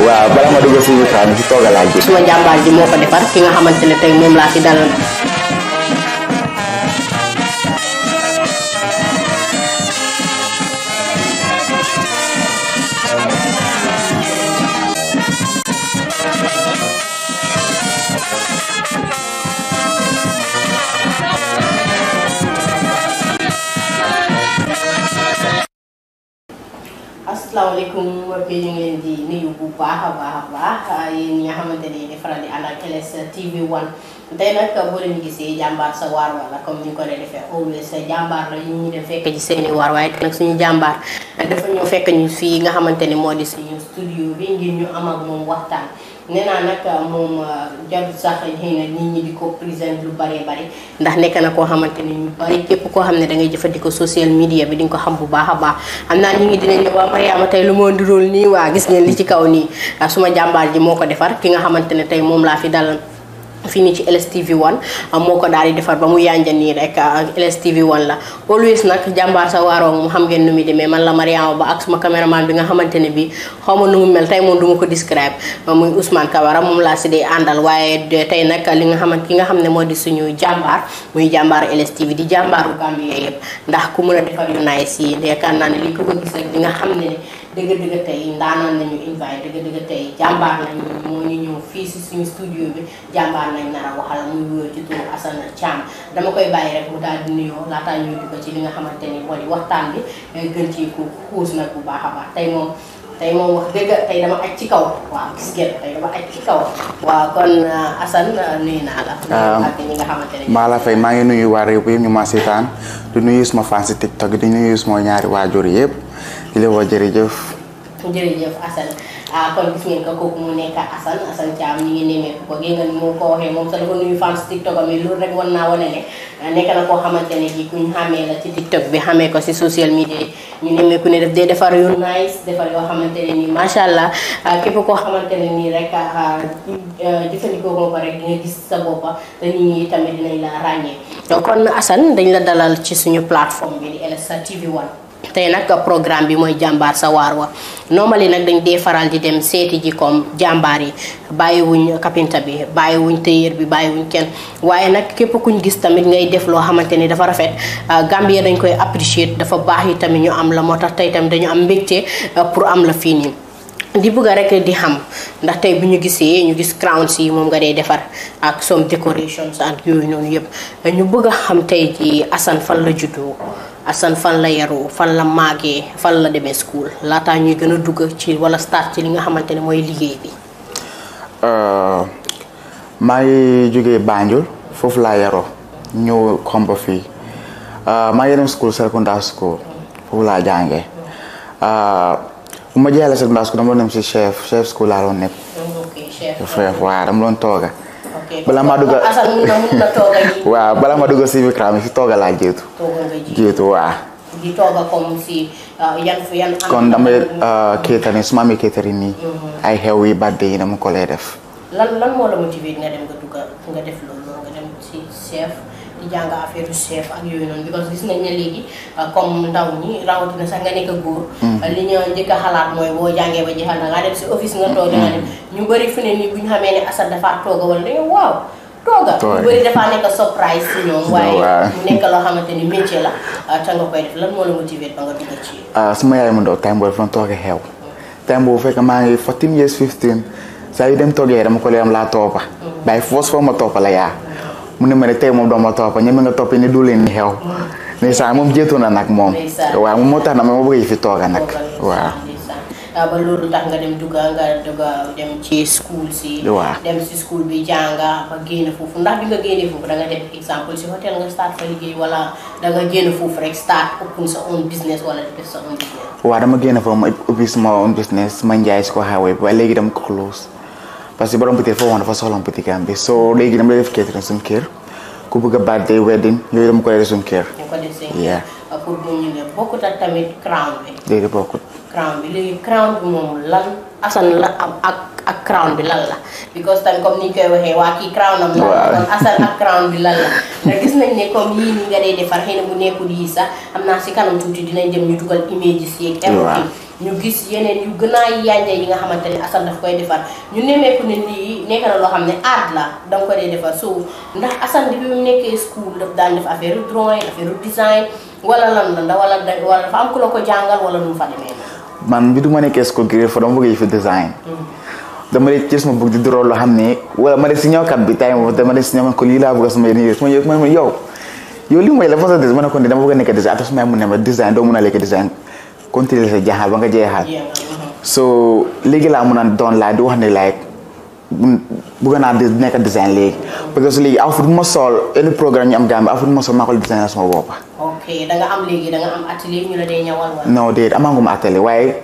Wah, barang madu gue sih, kan? Itu agak lagi. Semua jambal di muka di parking, aman sini tengok mulai dalam asalaamaaleykum mbokk yi ñu ngi leen di nuyu bu baax a baax a baax yi ñi nga xamante ni di faral di ànd ak LS TV One tey nag a leen gisee jàmbaar sa waar wa la comme ni ñu ko dee defee always jàmbaar la ñu ñu dem fekk ci seeni waar waaye nag suñu jàmbaar dafa ñu fekk ñu fii nga xamante ni moo di suñu studio bi ngir ñu am moom waxtaan. nee naa nag euh, moom euh, jarul sax xëy na nit ñi di ko prison lu bëree bëri ndax nekk na koo xamante ni ñu bëri képp koo xam ne da ngay jëfandikoo social media bi di nga ko xam bu baax a baax am naa ñu ngi dinañ ne waa Mariama tey lu ma ndirool nii waa gis ngeen li ci kaw nii suma jàmbaar ji moo ko defar ki nga xamante ne tey moom laa fi dalal fii nii ci LSTV1 ah, moo ko daal di defar ba mu yànja nii rek ah, LSTV1 la always nag jàmbaar sa waaroon mu xam ngeen nu muy demee man la Mariama Ba ak suma caméraman bi nga xamante ne bi xaw ma nu mu mel tey moom du ma ko describe ah, muy Ousmane Kabara moom laa si dee àndal waaye tey nag li nga xamante ki nga xam ne moo di suñu jàmbaar muy jàmbaaru LSTV di jàmbaaru Gambie yëpp ndax ku mën a defar yu naay si naa ne li ko ko gis rek xam ne dëgg dëgg tey ndaanaan nañu invite dëgg dëgg tey jàmbaar nañu moo ñu ñëw fii si suñu studio bi jàmbaar waxtaan lañ nar a waxal muy wuyoo ci turu Assane Thiam dama koy bàyyi rek mu daal di nuyoo laataa ñuy dugg ci li nga xamante ni moo di bi dama aj ci kaw waaw gis ngeen tey dama aj ci kaw waaw kon uh, Assane uh, nuyu la. Ah, maa la fay maa ngi nuyu waa réew bi ñu ma seetaan di nuyu suma fan si TikTok di nuyu suma ñaari waajur yépp di la woo jërëjëf. jërëjëf Assane. ah kon gis ngeen ko kooku mu nekk Assane Assane Thiam ñu ngi nemmeeku ko gis ngeen ko waxee moom sax dafa nuyu fans TikTok loolu rek war naa wane ne nekk koo xamante ne ji kuñ xamee ci TikTok bi xamee ko si social media ñu nemmeeku ne daf dee defar yu nice defar yoo xamante ne nii macha allah képp koo xamante ne nii rek jëfandikoo ko rek di nga gis sa boppa te nit tamit dinañ la ràññee. kon Assane dañ la dalal ci suñu plateforme bi di LSTV 1. tey nag uh, programme bi mooy jàmbaar sa waar wa normali nag dañ dee faral di dem seeti ji comme jàmbaar yi bàyyiwuñ kapinta bi bàyyiwuñ téyeer bi bàyyiwuñ kenn waaye nag képp ku ñu gis tamit ngay def loo xamante ni dafa rafet uh, Gambie dañ koy apprécier dafa baax yi tamit ñu am la moo tax tey tamit dañu am mbégte uh, pour am la fii nii di bëgg rek di xam ndax tey bu ñu gisee ñu gis crowns yi moom nga dee defar ak some decorations ak yooyu noonu yëpp ñu bëgg a xam tey ji Assane fan la juddoo Assane fan la yaroo fan la màggee fan la demee school laataa ñuy gën a dugg ci walla start ci li nga xamante ne mooy liggéey bi. Euh, maa ngi jógee bànjul foofu laa yaroo ñëw Kombo fii euh, maa ngi dem school secondaire school foofu laa jàngee euh, bu ma jeexalee secondaire school dama doon dem chef chef school laa doon nekk. ok chef waaw dama doon Okay. Bala maa Wah, a waaw bala sih dugg si micro mi si toogal laa jiitu. toogal la jiitu jiitu waaw. di tooga comme si uh, yan yan. kon damay uh, kéetari su ma amee kéetari nii. Mhm. ay xew yi badde yi dama lalu lay def. lan lan moo dem nga dugg def loolu nga dem si chef. jàng affaire chef ak yooyu noonu because gis nañ ne léegi euh, comme ndaw ñi rawatina sax nga nekk góor hmm. euh, li ñu njëkk xalaat mooy boo jàngee ba jeexal na ngaa dem si office nga toog danga bu nekk surprise si ñoom la te euh, nga koy def lan moo la motivé ba nga dugg ci ah, suma yaay mu ndaw time boobu dafa tooge xew time boobu fekk maa ngi 14 years 15 saa yu dem toogee dama ko leeram laa toppa bàyyi foos foo ma toppa la yaa mune mene ma ne tey moom apa ma topp nga ni du leen ni xew ne saa moom jéetoon na nak moom wa moom moo na ma bëgg fi ba tax nga dem duga nga duga dem ci school si dem si school bi janga ba génn foofu ndax bi nga génne foofu da nga def hotel nga start fa liggéey wala da nga gini, foofu rek start open sa own business wala def sa own business waaw dama gini, fa ma ubbi own business ma njaay ko xawee ba ko close parce que borom butéel foo woon dafa soxla butik am bi soo léegi dama def catering suñu kër ku bëgg birthday wedding yooyu dama koy def suñu kër. ñu ko def seen euh, ñu ne bokkut ak tamit crown bi. léegi bokkut. crown bi léegi crown bi moom lan asan la ak. ak crown bi lan la. because tamit comme ni koy waxee waa kii crown bi lan la. ndax gis nañ ne comme yii ni nga dee defar xëy na bu nekkul yii sax am naa si kanam tuuti dinañ dem ñu dugal images yeeg. waaw ñu gis yeneen yu gën a yànja yi nga xamante asal daf koy defar ñu nemmeeku ne bi mu nekkee school daf daan def affaire drawing affaire design wala lan lan la wala dafa am ku la ko jàngal wala nu fa demee. man bi du ma nekkee school gi fa dama bëgg yëfi dama dee ci sama di dorool loo xam ne wala ma def si ñëwkat bi tay ma dama def si ñëw ko lii laa a nekk design atas may mun ne ma a sa jaaxal ba nga jeexal uh-huh. so léegi di wax ne like bëgg naa di nekk design léegi parce que am ma sol maa ko da nga am léegi da nga am atelier ñu la dee ñawal wala non déedéet amaanguma waaye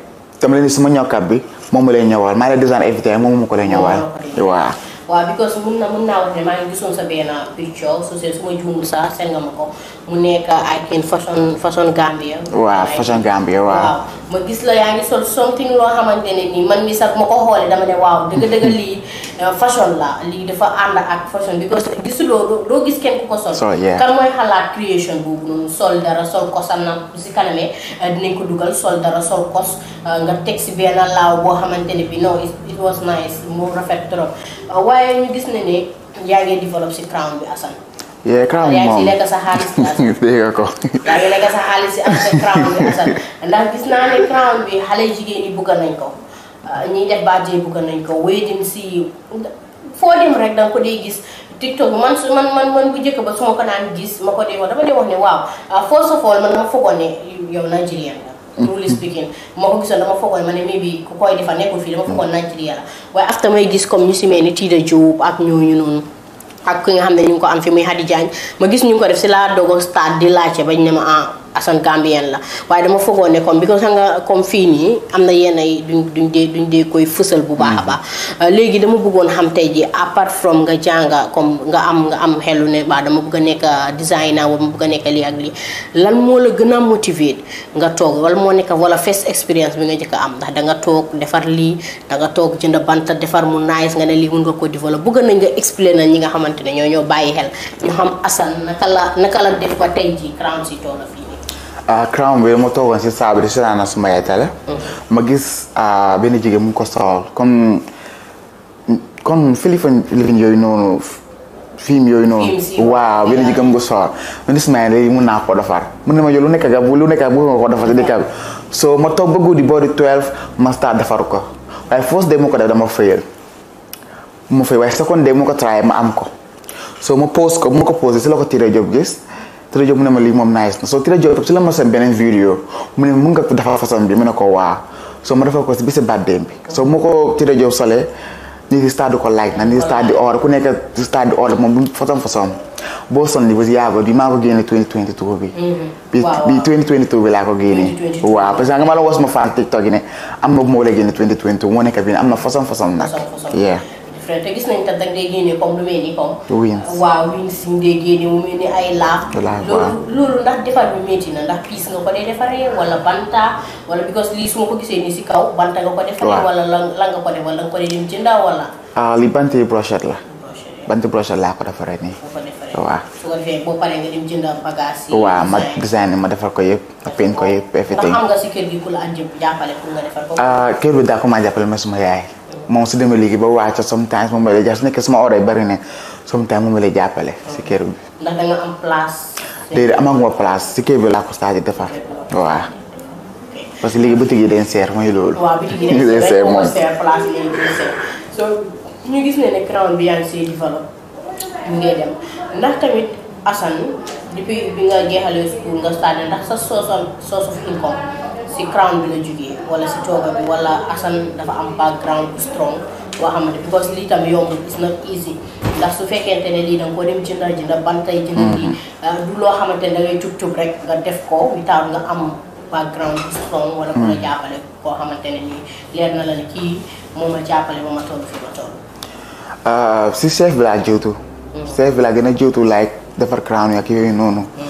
dama leen di sama ñëwkat bi moom mu lay ñëwal maa lay design invité moom mu ko lay ñëwal. Oh, waaw because mun na mun naa wax ne maa ngi gisoon sa benn picture su see su ma juumul sax ma ko mu nekk ak une façon façon Gambia. façon Gambia waaw. ma gis la yaa ngi sol something loo xamante nii man mi sax ma ko xoolee dama ne waaw dëgg-dëgg lii. Euh, fashion la lii dafa ànd ak fashion because gisuloo doo gis kenn ko sol. sol kan mooy xalaat création boobu noonu sol dara sol kosam na si kanamee euh, dinañ ko dugal sol dara sol kos euh, nga teg si benn laaw boo xamante ne bi non it was nice mu rafet trop waaye ñu gis ne ne yaa ngi si crown bi Assane. yee crown moom yaa sa xaalis si am sa crown bi Assane ndax gis naa ne crown bi xale jigéen ñi bëgg nañ ko. Ah, ñiy def baat jee bugg nañ ko wéy si foo dem rek danga ko dee gis TikTok man man man man bu njëkk ba su ma ko naan gis ma ko dee wax dama dee wax ne waaw ah, first of all man dama foogoon ne yow Nigerian la truly speaking moo ko gisoon dama foogoon ma ne mais bi ku koy defa nekkul fii dama foogoon Nigeria la waaye after may gis comme ñu si mel ni Tida Diop ak ñooñu noonu ak ki nga xam ne ñu ko am fi muy Hadi Diagne ma gis ñu ko def si laa dogo stade di laajte bañ ne ma ah Assane Gambien la waaye dama foogoon ne comme bi ko nga comme fii nii am na yenn ay duñ duñ dee koy fësal bu baax a mm. baax euh, léegi dama bëggoon xam tey ji apart from nga jànga comme nga am nga am xelu ne waa dama bëgg a nekk designer wala ma bëgg a nekk ak lan moo la gën a motiver nga toog wala moo nekk wala first expérience bi nga njëkk a am ndax danga toog defar lii danga toog jënd banta defar mu nice nga ne lii mun nga ko développer bëgg nañ nga expliquer na ñi nga xamante ne ñoo ñoo bàyyi xel ñu xam Assane naka la naka la def ko tey ji crown si tool fii Ah, crown bi dama toogoon si saa bi di seetaan na suma yaay mm. ma gis ah, benn jigéen mu ngi ko soxal comme comme yooyu noonu film yooyu noonu waaw benn jigéen mu ko soxal ma gis naa ne mun naa ko defar mun na ma yow lu nekk ga bu ma toog ba guddi boori 12 ma start defar ko waaye first day mu ko def dama fayal mu fay waaye second day mu ko try ma am ko so ma post ko bu ko posé si la ko tiré job gis Tira Diop mu ne ma lii moom nice na so Tira Diop si la ma seen beneen vidéo mun nga dafa façon bi mu ne ko waa so ma defal ko si bisi bàddeem bi so mu ko Tira Diop solee ñu ngi stade ko like na ñu ngi stade ku nekk stade di moom du façon façon boo son li ba si yaago bi maa ko génne 2022 bi bi mm-hmm. bi 2022 bi laa ko génne la was ma fan TikTok yi ne am na bu ma wala génne 2022 moo nekk bi am na façon façon nag yeah te gis nañ tam da dee génne comme lu mel ni comme. waaw wins yi dee génne mu mel ni ay laax. loolu loolu ndax defar bi métti na ndax piis nga ko dee defaree wala banta wala because ko gisee nii nga ko defaree. wala nga ko def wala nga ko dee li bant yi brochette la. bant brochette waaw ma design ma defar ko yëpp. peen ko yëpp ndax xam nga si kër gi ku la jàppale pour nga defar ko. Ah, kër bi daa ko maa jàppale ma suma yaay. mom su demé ligi ba wàcc sometimes mom lay jass nek sama oray bari ne sometimes mom lay jappalé ci kër bi. ndax da nga am place. dëd am ak mo place ci kër bi la ko staji défar wa parce ligi léegi boutique den dañ moy mooy wa waaw boutique den dañ seer moom place ligi dañ seer so ñu gis né né Crown bi yaa ci develop développé mu ngi dem ndax tamit asan depuis bi nga jeexalee school nga stade ndax sa source of income si crown bi la jugee wala si toga bi wala asal dafa am background bu strong wa xam ne because li tam yomb is not easy ndax su fekkenté né li dang ko dem ban tay ci ndar ji du lo xamanté da ngay cub-cub rek nga def ko without nga am background bu strong wala ko la mm-hmm. jappalé ko xamanté né nii lér na la ne kii moo ma jàppale ba ma toll ah, si chef bi jotu mm. chef bi gëna jotu like defar crown yak yooyu noonu mm.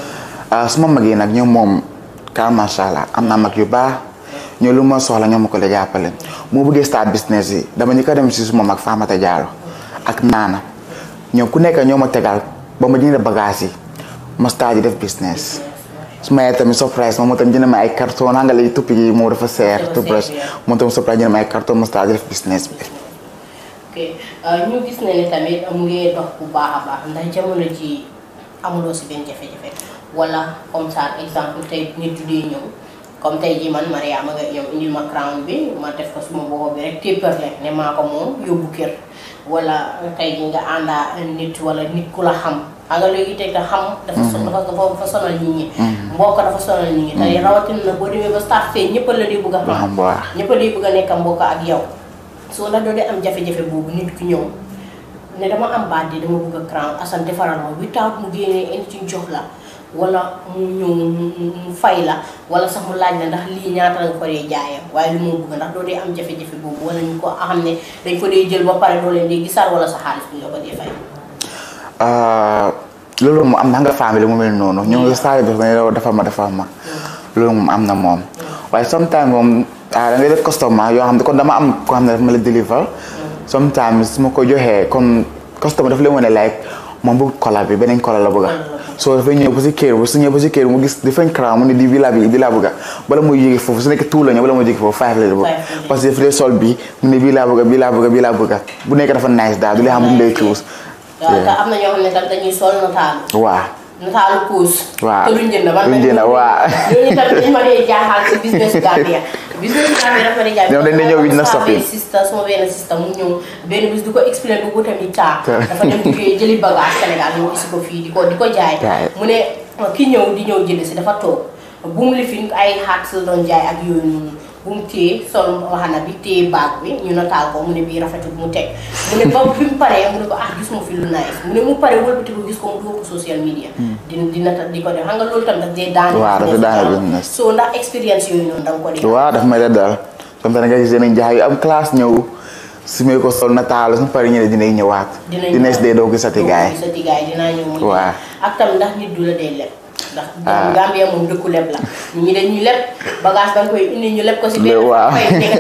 ah, suma mag yi nag mom kaa macha allah am naa yu baax ñoo lu ma soxla ñom ko la jappale mo bëgge start business yi dama ñu ka dem ci suma mak Faamata Jaalo ak nana ñom ku nekk ñom ak tegal ba ma jëne bagage yi ma start yi def business suma ay yee surprise mo tam jëne ma ay carton na nga lay tuppi yi mo dafa ser seer tuppress mo tam surprise jëne ma ay carton ma start yi def business bi euh, ñu gis ne ne tamit mu ngi dox bu baax a baax ndax jamono ji amuloo si benn jafe-jafe wala comme ça exemple tey nit dee ñëw comme tey jii man Mariama nga ñëw indil ma crown bi ma def ko suma bopp bi rek téppar leen ne maa ko moom yóbbu kër wala tey jii nga àndaa nit wala nit ku la xam xam nga léegi tey xam. Mm-hmm. dafa dafa sonal nit ñi. Mm-hmm. Mm-hmm. a a a nekk mbokk soo la doon am jafe-jafe boobu nit ku ñëw ne dama am baat de dama bëgg a crown Assane defaral ma without mu génnee indi ci jox la. wala mu ñëw mu fay la wala sax mu laaj la ndax lii ñaata la nga ko dee jaayee waaye lu am jafe-jafe boobu wala ah, am na mm. ma dafa mm. moom mm. waaye sometimes moom ah, yoo xam ne kon dama am koo xam ne ko joxee comme customer dafa leen wane like moom bëgg kola bi beneen kola la bëgg so dafay ñëw ba si kër ba su ñëw ba si kër mu gis different crown mu ne di bi laa bi laa bëgga bala muy jóge foofu su nekk tout la ñëw bala muy jóge foofu five la bëgg parce que dafay sol bi mu ne bii laa bëgga bii laa bëgga bu nekk dafa nice daal du lay xam bu mu lay cuus am na ñoo xam ne notaalu waaw notaalu bis bu ñu amee Ramady Ndiaye. ñoom dañ lay ñëw 8 9 soppi sama benn sista mu ñëw benn bis di ko expliqué bu ko tamit taa. dafa dem di jëli bagage Sénégal ñëw gis ko fii di ko di ko jaay. mu ne ki ñëw di ñëw jënd si dafa toog bu mu lifin ay xaat sa doon jaay ak yooyu noonu. bu mu sol waxana bi téye bag bi ñu nataal ko mu ne bii rafetul mu tek mu ne ba bi mu paree mu ne ko ah gis mo fi lu nice mu ne mu paré wol bitiko gis ko mu dugal ko social media. Hmm. di di nata di ko def nga loolu tam daf dee daane. waaw dafa daane so ndax experience yoy ñu da nga ko dee. waaw daf may dal daal da nga gis yeneen jaay am class ñew su me ko sol nataal su paré ñene dina ñewat dina dinañ ñëwaat dinañ dee gisati gaay. doo gisati gaay dina ñëw wa ak tam ndax nit du la dee lepp ndax Gambia moom dëkku leb la ñu ñi dañuy leb bagage ba koy indi ñu leb ko si benn fay nekk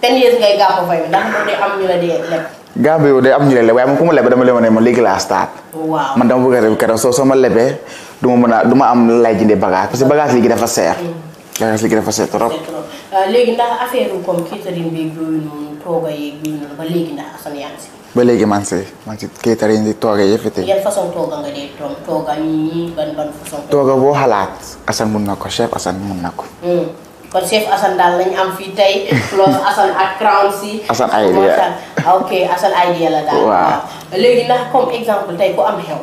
ten am ñu la dee leb Gambia yow day am ñu la leb waaye moom ku ma leb dama lema ne ma léegi laa start waaw man dama bëgg a keroog soo soo ma lebee du ma mën a du am lay jëndee bagage parce que bagage léegi dafa seer mm. bagage léegi dafa seer trop euh, léegi ndax affaire comme catering bi yooyu noonu tooga yeeg yooyu noonu ba léegi ndax asan ba léegi man si man si kayitare yi di tooga yëpp tey. façon tooga nga dee tooga ñii ban ban façon. tooga boo xalaat Assane mun na ko chef Assane mun na ko. Hmm. kon chef Assane daal lañu am fii tey. plus Assane ak si. Ah, Assane idea la daal. léegi ndax comme exemple tey ku am xew.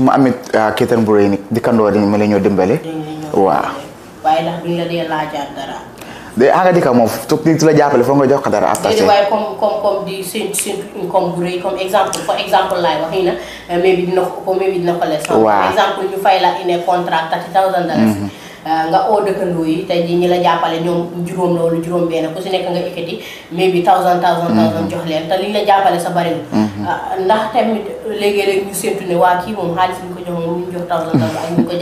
su ma amee ah, kéetaan bu rëy nii dikkandoor yi ma la ñoo dimbale. waaw. waaye ndax duñ la dee laajaat dara. de ànga ah, dikka moom tu la jàppale foog nga jox ko dara. after comme comme comme comme exemple for exemple laay wax na eh, mais bi dina ko mais bi dina ko exemple ñu fay la in a contract thirty thousand dollars mm-hmm. Euh, nga oo dëkkandoo yi tey jii ñi la jàppale ñoom juróom loolu juróom benn ku si nekk nga ekkati mais bi thousand thousand mhm. thousand jox leen te liñ la jàppale sa bari mhm. ah, ndax tamit léegi-léegi ñu séntu ne waa kii moom xaalis ñu ko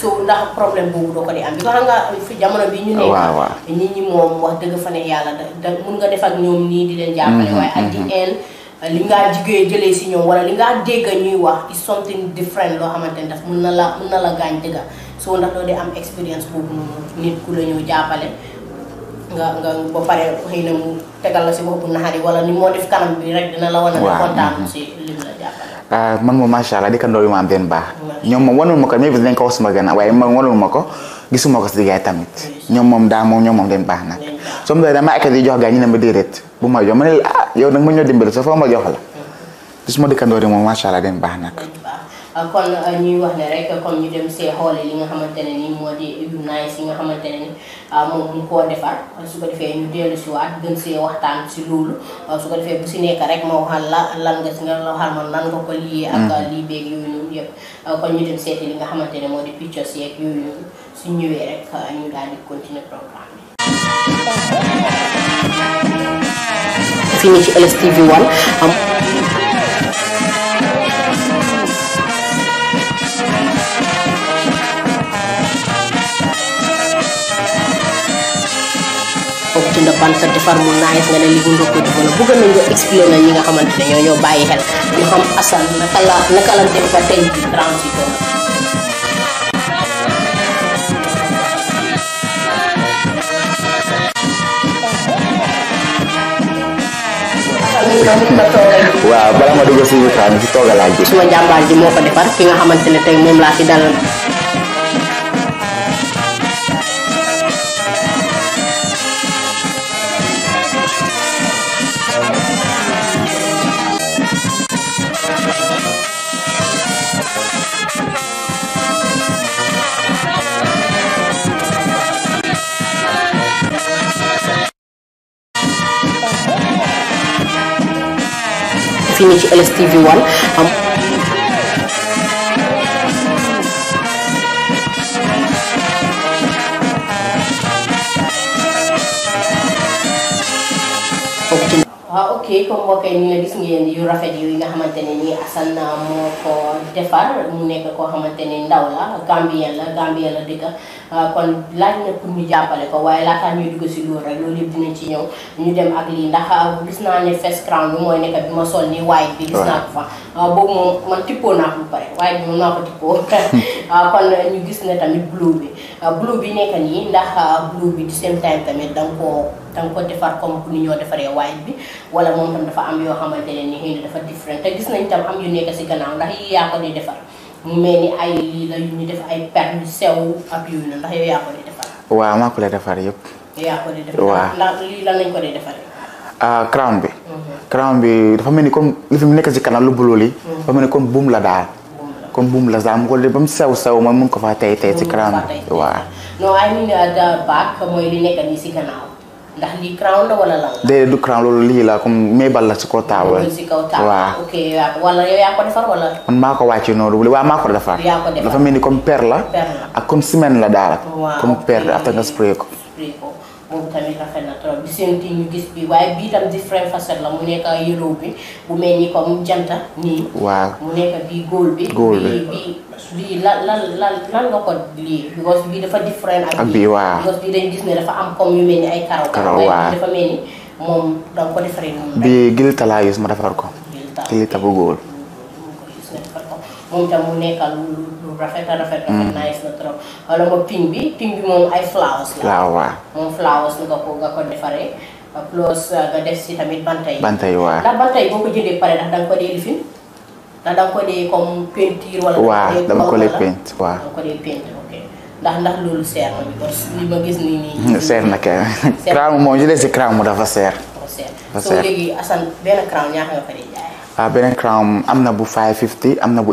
so ndax problème boobu doo ko di am bi ko xam nga fi jamono bi ñu nekk nit ñi moom wax dëgg fa ne yàlla da mun nga def ak ñoom nii di leen jàppale mhm, waaye at di en li ngaa jigéen jëlee si ñoom wala li ngaa dégg ñuy wax is something different loo xamante ne daf mun na la mun na la gaañ dëgga so ndax doo dee am experience boobu noonu nit ku lañu jappalé nga nga ba paré xeyna mu tégal la ci bopp nahari wala ni mo def kanam bi rek dina la wone contact ci si lim la jappalé Uh, eh, man machallah di kan do loolu ma am benn baax ñoom moom wanul ma mais dañ ko wax suma gëna waye man wonul mako ko gisuma ko si liggéey tamit ñom mom da moom ñom mom dañ baax nak som doy dama akkat yi jox gaa ñu ne ma déedéet bu ma jox man ne ah yow iya. nak ma iya, ñoo dimbal sa foo ma jox la gisuma di dikkandoori moom mo machallah dañ baax nak kon ñuy wax ne rek kon ñu dem see xoole li nga xamantene ni moo di yu nice yi nga xamantene ni moom mu koo defar su ko defee ñu dellu si waat gën see waxtaan si loolu su ko defee bu si nekk rek ma waxal la lan nga si nga waxal ma nan nga ko liyee ak lii beeg yooyu noonu yëpp kon ñu dem seeti li nga xamantene moo di pictures yeeg yooyu noonu su ñëwee rek ñu ah, daal di continuer programme bi fini ci LSTV 1 dunda sa defar mu nais nga ne li bu ndokko di bona bëgg nañ nga explain ñi nga xamantene ñoo ñoo bàyyi xel ñu xam asal naka la naka la dem ba tey ci transition waaw bala ma dugg suñu taan ci toogalaa ji suma jàmbaar ji moo ko defar ki nga xamantene tey moom laa fi dalal finish LSTV1. Um, ok comme mbokk yi ñu la gis ngeen yu rafet yu nga xamante ne nii Assane moo ko defar mu nekk koo xamante ne ndaw la Gambien la Gambien la dëkk ah, kon laaj na jàppale ko waaye laataa ñuy si loolu rek loolu yëpp dinañ ci ñëw ñu dem ak lii ndax ah, gis naa ne face crown bi mooy nekk bi sol nii waaye bi gis naa ko fa ah, boobu moom man tippoo naa ko bu pare waaye bi moom naa ko tippoo kon ñu gis ne tamit blue bi blue bi nekk nii ndax blue bi du same time tamit danga koo danga ko defar comme ni ñoo defaree white bi wala moom tam dafa am yoo xamante ne ni xëy na dafa different te gis nañ tam am yu nekk si gannaaw ndax yi yaa ko defar mu mel ni ay lii la defar. waaw maa ko defar yëpp. yaa ah, crown bi. Mhm. crown bi dafa mel ni comme li fi mu nekk si kanam lu buloo lii. Mhm. dafa mel ni comme buum la daal. comme buum la daal mu ko def ba mu sew sew man mun ko faa tey tey si crown ndax lii crown la wala du crown loolu lii la comme mébal la si kaw taabal. si kaw waaw. ko defar wala. man maa ko wàcce noonu defar. yaa ko defar dafa mel ni comme per la. per la ak comme semaine la daal. waaw comme per la after ko. boobu tamit rafet na trop bi sénti ñu gis bi waaye bii tam différent facette la mu nekk yellow bi bu mel ni comme janta nii. waaw mu nekk bii góol bi. bii bii lan lan lan lan ko lii bii dafa différent ak bii waaw bii dañu gis ne dafa am comme yu mel ni ay karaw. karaw waaw dafa mel ni moom da ko defaree noonu. bii gilita laa gis ma defar ko. gilita bu góol. moom itam mu nekkal rafet a rafet. rafet hmm. nice na trop. wala nga pink bi pink bi moom ay flowers waaw waaw moom flowers nga ko defaree. Euh, nga def si tamit banta yi. banta yi boo ko jëndee pare ndax da ko dee lifin. ndax da ko dee comme peinture. wala dama ko dee peint waaw ndax ndax loolu seer na parce que li ma gis nii nii. seer na kay craam moom jëlee si craam mu dafa seer. soo léegi Assane benn craam ñaata nga fa dee jaayee. Ah, benn craam am na bu 550 am na bu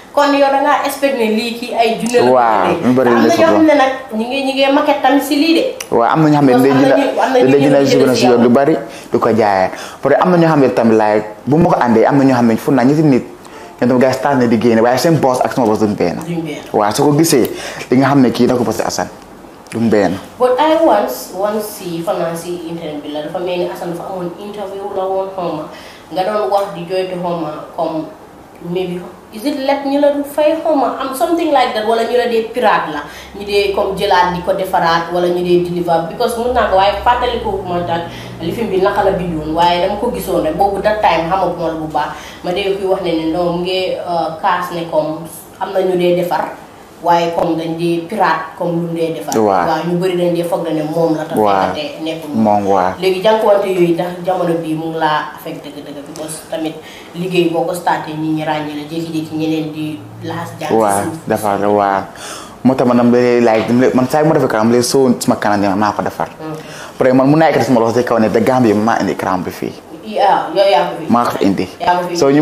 kon yow da ngaa expect ne lii kii ay junne. am na xam ne léegi lu bari du ko jaayee parce am na ñoo xam ne tamit laay bu mu ko àndee am na ñoo xam ne fu naa ñetti nit ñoom tam gars yi na di génne waaye seen boss ak sama boss duñ benn. duñ benn ko gisee li nga xam ne kii na ko posé di jooytu xaw ma is it let ñu la dul fay xawma am something like that wala ñu la dee pirate la ñu dee comme jëlaat di ko defaraat wala ñu dee deliver because mun naa ko waaye fàttalikoo ma daal li fi bi naka la bindoon waaye dama ko gisoon rek boobu that time xamaguma la bu baax ma dee kuy wax ne ne non mu ngi euh, kaas ne comme am na ñu dee defar. waaye comme dañ di pirate comme lu dee defar. waaw ñu bëri dañ dee foog na ne moom la. waaw te nekkul moom waaw. léegi jànkuwante yooyu ndax jamono bii mu tamit liggéey boo ko starté ñu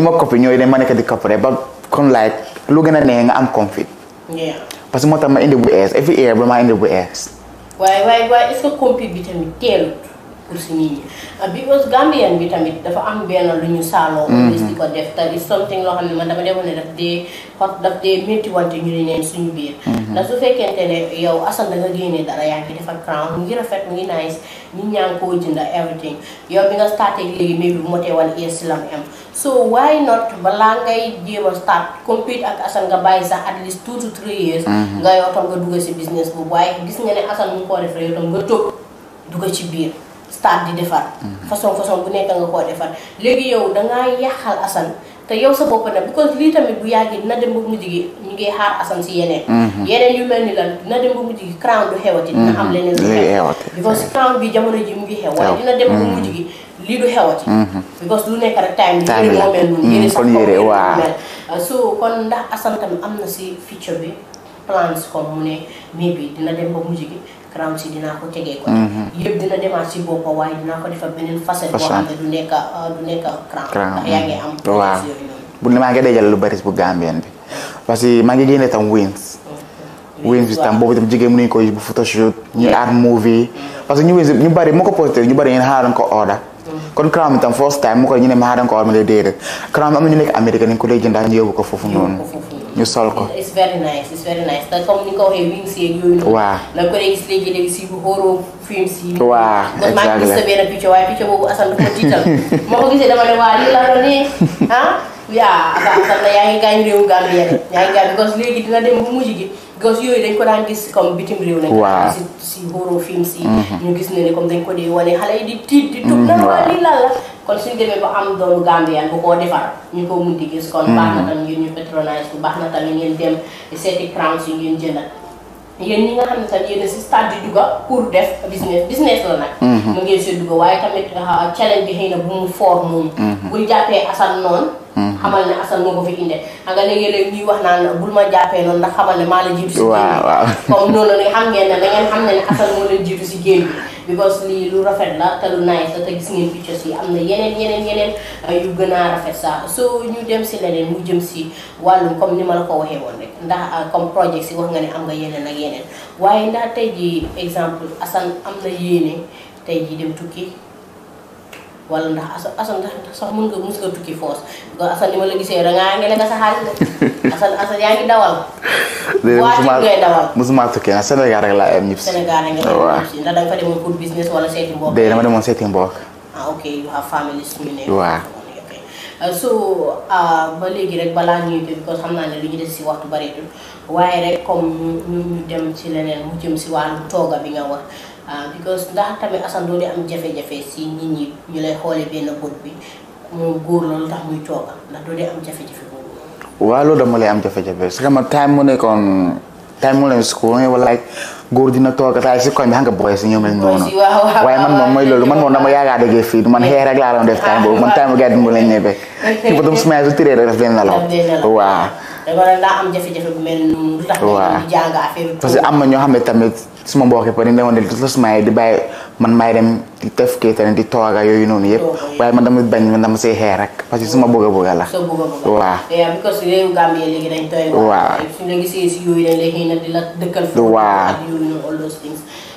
ma copie ñooy ne ma nekk di copie ba kon laaj lu gën a neex nga am confit parce que moo tax ma indi bu ees every year ba ma indi bu ees. waaye waaye waaye est-ce bi tamit teelut pour si nit ñi ah, because Gambian bi tamit dafa am benn lu ñu saaloo. gis mhm. di ko def te is something loo xam ne man dama defoon ne daf dee xot wante ñu ne neen suñu biir. Mhm. ndax su fekkente ne yow Assane da nga dara yaa ngi defar crown ngi rafet mu ngi nice ñu ñaan koo jënd everything yow bi nga starté léegi maybe bu motee one si la mu am. so why not balaa ngay jéem a start compete ak Assane nga bàyyi sax at least two to three years. Mm-hmm. nga yow tam nga dugg si business boobu waaye gis nga ne Assane mu ko def yow tam nga toog dugg ci biir start di defar. Mm-hmm. façon façon bu nekk nga koo defar léegi yow dangaa yàqal Assane te yow sa bopp nag because lii tamit bu yàggee dina dem ba mujj gi ñu ngi xaar Assane si yeneen. Mm-hmm. yeneen yu mel ni lan dina dem ba mujj gi crown du xewati. dina am leneen lu xew because bi jamono ji mu ngi xew. waaye dina dem ba mujj gi. lii du xewati. Mhm. because lu nekk rek time bi yére moo mel noonu. Mhm. yére euh, ne mii mhm. euh, ngi am. waaw lu bari bu Gambien bi parce que maa ngi génne tam wins. wins bi tam boobu itam jigéen mu nañu ko bu photoshoot ñu art movie mm. parce que ñu bari moo ko posté ñu bari ngeen xaaroon ko order. kon crown bi tam first time mu koy ñu ne maa da nga ko ormale déedéet crown bi ñu nekk Amérique dañ ko lay ñu yóbbu ko foofu noonu ñu sol ko. it's very nice it's very nice te comme ni ko waxee wings yeeg yooyu. waaw la ko dee gis léegi léegi si horror films yi. waaw exactement maa ngi moo ko gisee dama ne waa lii laa doon nii ah. yaa Assane Assane na yaa ngi yaa ngi gaañ léegi dina dem bu mujj gi because yooyu dañ ko daan gis comme bitim réew nañ waaw si si horror film si mhm. ñu gis ne ne comme dañ ko dee wane xale yi di tiit di tub mhm, naa lii lan la kon suñ demee ba am doonu Gambian bu koo defar ñu ko mun di gis kon mhm. baax na tam ngeen tamit ngeen dem seeti crowns yi ngeen jëndal yéen ñi nga xam ne tam yéen si stade di dugga pour def business business la nag mu ngeen si dugga waaye tamit ah, challenge mu foor moom buñ jàppee Mm-hmm. xamal ne Assane moo ko fi indee xam nga léegi-léegi ñuy wax naan bul ma jàppee noonu ndax xamal ne maa la jiitu si waaw waaw géej bi because lii lu rafet la te lu naay sa te gis ngeen pictures yi am na yeneen yeneen yeneen uh, yu gën a rafet sa soo ñu dem si leneen mu jëm si wàllum comme ni ma la ko waxee woon rek ndax uh, comme projet si wax nga ne am nga yeneen ak yeneen waaye ndax tey ji exemple Assane am na yéene tey ji dem tukki wala ndax Assane Assane ndax sax mun nga mus nga tukki force kon Assane ni ma la gisee da ngaa ngele nga sa xaalis yaa ngi dawal. waajib ngay dawal tukki nag ah, Sénégal rek laa am ñibbi. Sénégal nga am ñibbi ndax da nga business wala seeti mbokk. déedéet dama demoon seeti mbokk. ah ok you have family su Euh, so euh, ba léegi rek balaa ñuy dem parce xam naa ne lu ñu des si waxtu bareetul waaye rek comme ñu ñu dem ci leneen mu jëm si wàllu tooga bi nga wax euh, because ndax tamit Assane doo di am jafe-jafe si nit ñi ñu lay xoolee benn bët bi mu góor loolu tax muy tooga ndax doo di am jafe-jafe boobu. waaw loolu dama lay am jafe-jafe parce que man time mu nekkoon time mu nekkoon school wala like góor dina toog saa si koñ bi xam nga boy si ñu mel noonu waaye man moom mooy loolu man moom dama yaagaa déggee fii man xeer rek laa doon def time boobu man time bu gàtt mu lañ ñebe ci ba dum suma su tëree rek daf leen nelaw waaw waaw parce am na ñoo xam ne tamit su ma mbokk yi peut être dañu doon dellu suma di bàyyi man maay dem di tef keetale di tooga yooyu noonu yëpp. waaye man dama bañ man dama see rek parce que suma bëgg a su ñu la gisee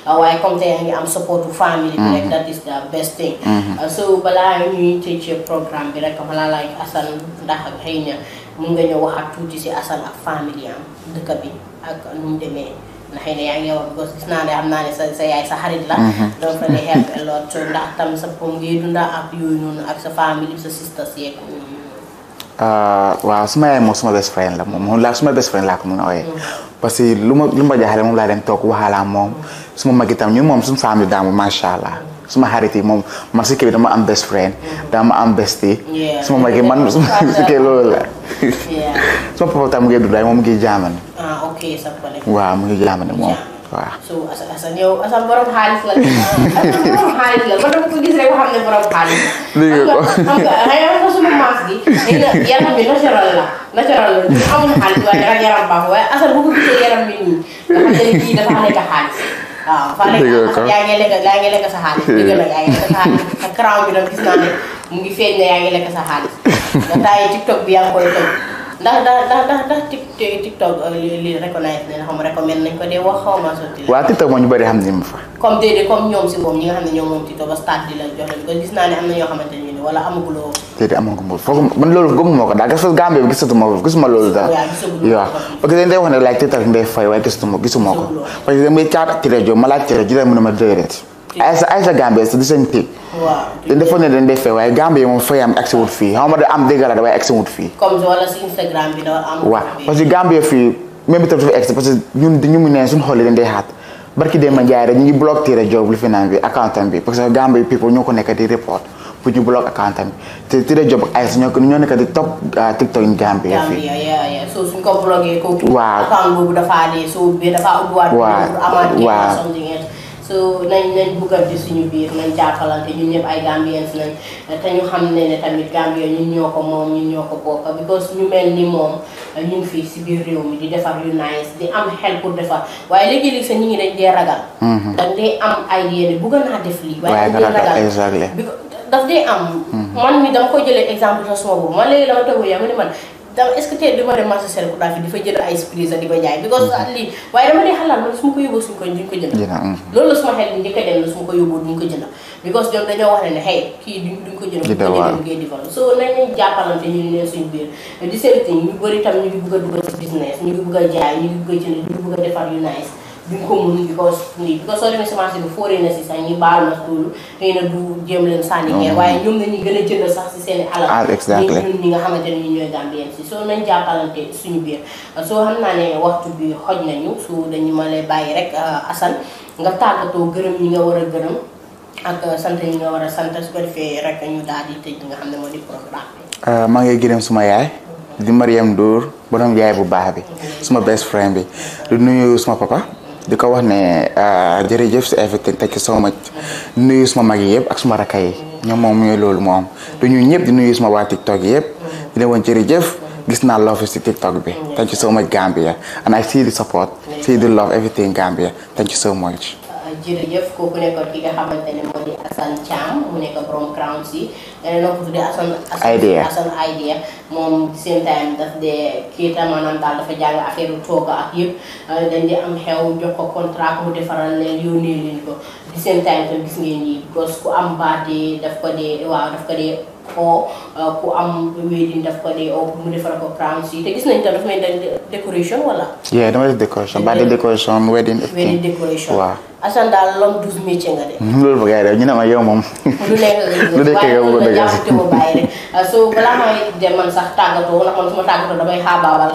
la uh, waaye comme am support family bi rek mm-hmm. that is the best thing. Mm-hmm. Uh, so balaa ñuy tëj programme bi rek balaa laaj Assane ndax xëy mun nga ñëw wax ak tuuti si Assane ak famille am dëkk bi ak nu mu demee. na xëy na yaay a lot so moom suma best friend la moom suma best friend laa ko mun a ooyee parce que lu ma lu ma jaaxle moom laa dem toog waxalaa moom suma mag itam ñun moom suñu famille daamu macha allah Semua hari yi moom masih kita kii bi best friend hmm. dama am bestie sama iya, Semua yi semua sama lo. kii loolu la sama papa tamu kita ngi mau mungkin zaman. ah oke, sampai. papa Wah, mu ngi jaamani moom iya. wah. so asal asal asan asal borong la lah, asal borong baru lah. dama ko gis rek xam ne Lihat, Lihat, dégg nga xam nga ay am ko sunu maas gi yaram bi natural la natural Kamu amul xaalis waaye yaram baax asal buku bu yang gisee yaram bi nii dafa nekk xaalis waaw fa lekk yaa ngi lekk sa xaalis dëgg yaa ngi lekk sa xaalis sa craw bi nag gis naa ne mu ngi feeñ ne yaa ngi lekk sa xaalis nga taayee tiktok bi yaa ngi koy toj nañ ko de wax xaw sotti la waaw tiktok moom ñu bëri xam ne ma fa comme déedéet comme ñoom si moom ñi nga xam ne ñoom moom tiktok ba start di la joxe ko gis naa ne am na ñoo xamante ni wala amaguloo. déedéet amaguloo foog man loolu gëmuma ko ko daal. waaw parce que dañ ko. ma laaj ci rajo rek ma déedéet. ay sa ay sa Gambie c'est du seen tey. waaw dañ defoon ne dañ dee fay waaye fii xaw ma da am dégg la waaye agsi wut ñu mu ne suñu xol yi xaat barki de ma jaay rek ñu ngi bloqué rajo bi lu fi bi accountant bi parce que Gambie people ñoo ko nekk di report pour ñu block account am te Today Job ak ah, so suñ ko bloqué ko. waaw account boobu dafa dee so bi dafa ubbiwaat. waaw waaw so nañ nañ buggante suñu biir nañ jàppalante ñun ñëpp ay Gambians nañ te ñu xam ne ne tamit Gambia ñun ñoo ko moom ñun ñoo ko bokk because ñu mel ni moom ñu ngi si biir réew mi di defar yu nice di am xel pour defar waaye léegi-léegi sax ñu ngi dañ dee ragal. Mhm. dañ am ay yéene bugg naa def lii. waaye dañ dee ragal daf dee am. Mhm. man mi dama koy jëlee exemple de suma boobu man léegi dama toog yaa ma ni man dama est ce que tey du ma dem marché di fa jënd ay surprise di fa mhm. waaye dama dee xalaat man su ma ko yóbboo suñ ko duñ ko mhm. suma ko yóbboo duñ ko jënd because ñoom dañoo wax ne ne xëy kii duñ duñ ko jënd. jënd waaw bu ko jëndee so nañu jàppalante ñu ne suñ biir di seetlu ñu bëri tam ñu ngi a dugal ci business ñu ngi bëgg a jaay ñu ngi bëgg ñu ngi defar yu duñ ko mun because soo demee si marché bi fóoree na si sax ñu baal na loolu xëy na du jéem leen sànni ngeen waaye ñoom nañu gën a jënd sax si seen i alal ah, ñun ñi nga xamante ne ñooy Gambien si soo nañ jàppalante suñu biir soo xam ne waxtu bi xoj nañu su ma lay bàyyi euh, war a gërëm euh, su ko defee rek ñu daal di tëj nga xam ne moo di programme euh, maa ngi gërëm suma yaay di Mariam Ndour borom yaay bu baax bi suma best friend bi du nuyu suma papa di ko wax ne ah, jërëjëf si everything thank you so much nuyu suma mag yëpp ak suma rakka yi ñoom moom ñooy loolu moom du ñu ñëpp di nuyu suma waa TikTok yëpp di woon woon jëf gis naa love si TikTok bi thank you so much Gambia and I see the support see the love everything Gambia thank you so much jërëjëf kooku nekkoon ki nga xamante ne moo di Assane Thiam mu nekk borom Crowns yi leneen loo ko tuddee Assane. de kii tam maanaam daal def décoration wala. yeah dama wedding. wedding décoration Assane daal l'homme douze métiers nga de. loolu ba gars yi ñu ne ma yow moom. lu nekk lu nekk nga bëgg ma bàyyi ah, soo balaa may dem man sax tàggatoo ndax man su tàggatoo damay xaabaabal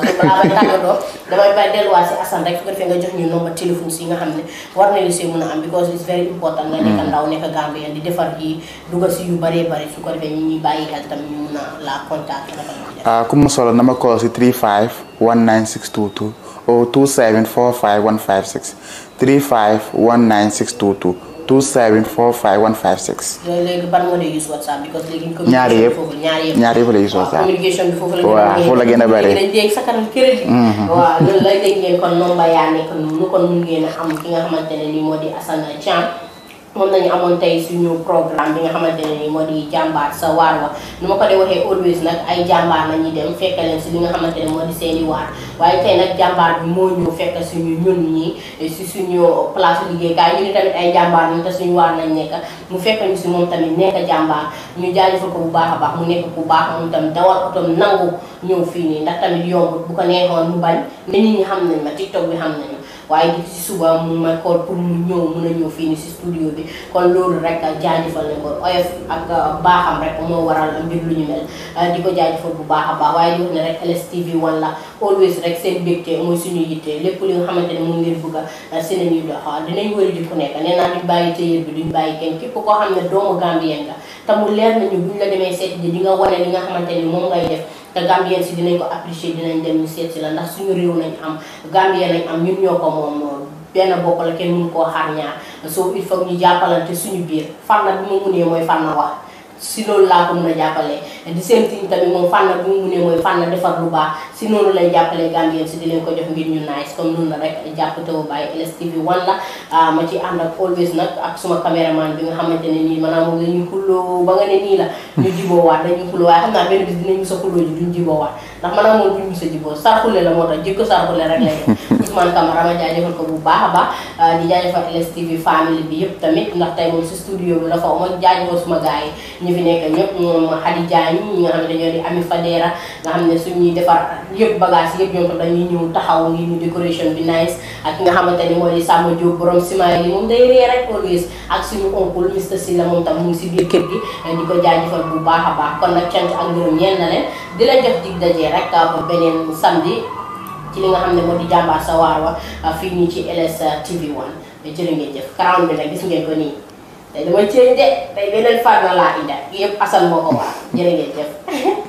defar kii dugal si yu bëree bëri su ko defee ñu ñuy bàyyi xel tamit ñu mën a la contact. Ah, ku ma soxla na ma call si 35 19 622. 0274515 3519622 2745156. léegi ban moo lay use WhatsApp because léegi. ñaari yëpp ñaari yëpp lay use WhatsApp. communication bi la gën a. bari la gën a bëri dañ dégg sa kanam waaw loolu la dégg ngeen kon nomba yaa nekk noonu kon mun ngeen a am ki nga xamante ne nii moo moom nañu amoon tey suñu programme bi nga xamante ne moo di jàmbaar sa waar wa nu ma ko dee waxee always nag ay jàmbaar la dem fekke leen si li nga xamante ne moo di seeni waar waaye tey moo ñëw fekk suñu ñun ñii si suñu place liggéeykaay ñu ni ay jàmbaar lañ te suñu waar nañ mu fekk ñu si moom tamit nekk jàmbaar ñu jaajëfal ko bu baax a baax mu nekk bu baax moom tamit dawal otom nangu ñëw fii nii ndax tamit yombut bu ko neexoon mu bañ nit ñi xam nañ ma TikTok bi xam nañ ma waaye di si suba mu may xool pour mu ñëw mën a ñëw fii ni si studio bi kon loolu rek jaajëfal nañ ko oyof ak euh, baaxam rek moo waral mbir lu ñu mel euh, di ko jaajëfal bu baax a baax waaye di wax ne rek LSTV wan la lépp li xamante ne mu ngeen bëgg a si nañuy doxal dinañ wëri di ku nekk nee naa duñ bàyyi téyër bi duñ bàyyi kenn képp ko xam ne doomu Gambien nga te mu leer nañu buñ la demee seet di nga wane li nga xamante ni moom ngay def te Gambien si dinañ ko apprécier dinañ dem ñu seet si la ndax suñu réew nañ am Gambien lañ am ñun ñoo ko moom noonu benn bopp la kenn mënu koo xaar ñaar soo il faut ñu jàppalante suñu biir fànn bi mu munee mooy fànn wax. si loolu laa ko mën a jàppalee di seen tiim tamit moom fànn bi mu munee mooy fànn defar lu baax si noonu lay jàppalee Gambien si di leen ko jox ngir ñu nice comme noonu la rek jàpp te wu bàyyi LSTV wan la ah, ma ci ànd ak always nag ak suma caméraman bi nga xamante ne nii maanaam nga ñu xulloo ba nga ne nii la. Hmm. ñu jiboowaat dañu xulloo waaye xam naa benn bis dinañu sa xulloo ji duñ jiboowaat. ndax man ak moom duñu sa jiboo sarxule la moo tax jikko sarxule rek la def Ousmane Camara ma jaajëfal bu baax baax ah, di jaajëfal LSTV famille bi yëpp tamit ndax tey si studio bi la fa ma jaajëfal suma yi ñu fi nekk ñëpp ñoom Khady Diagne ñi nga xam ne dañoo di Ami Fadera nga xam ne suñuy defar taxaw ngir ñu bi nice nga xamante ni mooy di Samba Diop borom yi moom day ree rek always ak suñu oncle Mr Sylla moom tam mu ngi si biir kër gi di ko jaajëfal bu baax a baax kon nag cant ak ngërëm ñeen na di leen jox dig daje daje rek euh, ba beneen samedi ci li nga xam ne moo di jàmbaar sa waar wa euh, fii nii ci LS TV 1 jërë ngeen jëf crown bi nag gis ngeen ko nii tey dama ceeñ de tey beneen fànn laa indi yëpp Assane moo ko waar jërë ngeen jëf